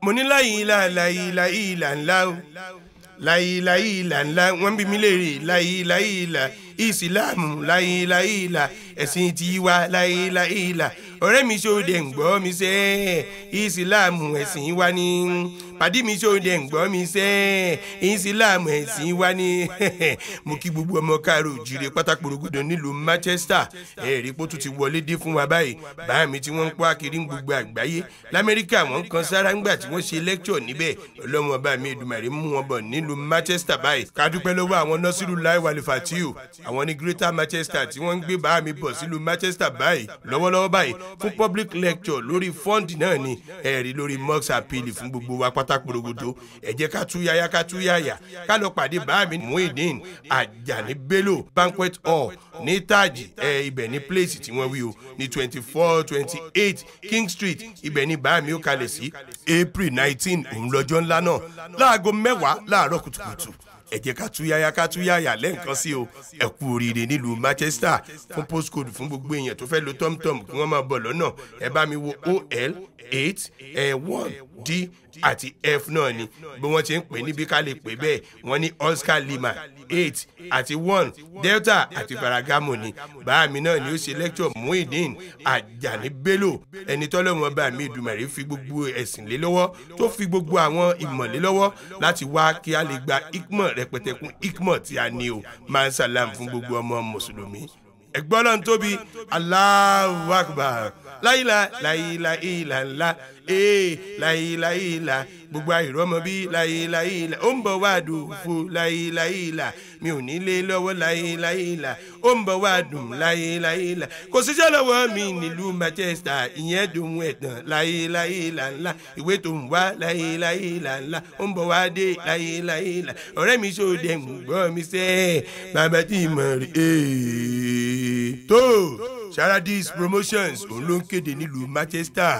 mo ní láyìílà láyìílà ìlà ńlá o láyìílà ìlà ńlá wọ́n bí mi léèrè láyìílà ìlà ìsìláàmù láyìílà ìlà ẹ̀sìn ti wa láyìílà ìlà ọ̀rẹ́ mi ṣe òde ń gbọ́ mi ṣe ìsìláàmù ẹ̀sìn wa ni pàdé mi ṣó dẹ̀ ń gbọ́ mi sẹ́ ìsìláàmù ẹ̀sìn wa ni mo kí gbogbo ọmọ káàró òjìrè pátákórógódò nílùú Manchester ẹ̀rí pọ́tù ti wọlé dé fún wa báyìí báà mi tí wọ́n ń kó akiri ń gbogbo àgbáyé l'Amẹ́ríkà wọ́n kan sára ńgbà tí wọ́n ṣe lẹ́kṣọ̀ níbẹ̀ ọlọ́mọ bá mi Èdùmàrè mú wọn bọ̀ nílùú Manchester báyìí ká dúpẹ́ lọ́wọ́ àwọn nọ́sírù láìwálé Fatiu àwọn ní Greater Manchester tí wọ́n ń gbé báà mi bọ̀ sílùú Manchester báyìí lọ́wọ́lọ́wọ́ báyìí fún public lecture lórí fọ́ǹdì náà ni ẹ̀rí lórí mux appeal fún gbogbo wa pátá pátá porogodo ẹ jẹ́ ká tú yáyá ká tú yáyà ká lọ pàdé bàámi Muideen Ajani Bello banquet hall ní taji. ẹ ibẹ̀ ní place tí wọ́n wí o ní twenty four twenty eight King Street ibẹ̀ ní bàámi ó kalẹ̀ sí April nineteen òun lọ́jọ́ ńlá náà láago mẹ́wàá láàárọ̀ kùtùkùtù ẹ jẹ́ ká túyáyá ká túyáyá lẹ́ǹkan sí o ẹ kú oríire nílùú Manchester fún postcode fún gbogbo èèyàn tó fẹ́ lo TomTom kí wọ́n máa bọ̀ lọ́nà ẹ bá mi wo ol eight one d àti f náà ni bí wọ́n ti ń pè níbi ká lè pè bẹ́ẹ̀ wọ́n ní Oscar Lima eight àti one Delta àti Faragamo ni bàá mi náà ni ó ṣe lecture Muideen Ajani Bello ẹni tọ́lọ́mọ bá mi Èdùmàrè fi gbogbo ẹ̀sìn lé lọ́wọ́ tó fi gbogbo àwọn ìmọ̀lé lọ́wọ́ láti wá kí a lè gba ikmọ̀ rẹ rẹpẹtẹ kún ikmọ̀ tí a ní o máa ń sàlám fún gbogbo ọmọ mùsùlùmí ẹgbọ́n náà tóbi Allahu Akbar láyìlá láyìlá ìlàlá ee eh, láyìlá ìlà gbogbo àìrọ́mọ bí láyìlá ìlà ó ń bọ̀ wá dùn fún láyìlá ìlà mi ò nílé lọ́wọ́ láyìlá ìlà ó ń bọ̀ wá dùn láyìlá ìlà kò síṣẹ́ lọ́wọ́ mi nílùú Manchester ìyẹn dùn ẹ̀tàn láyìlá ìlà ńlá ìwé tó ń wá láyìlá ìlà ńlá ó ń bọ̀ wá dé láyìlá ìlà ọ̀rẹ́ mi ṣó dẹ̀ ń gbọ́ mi sẹ́ẹ̀ bàbá tí ì mọ̀ rí eh, Charades Promotions òun ló ń kéde nílùú Manchester.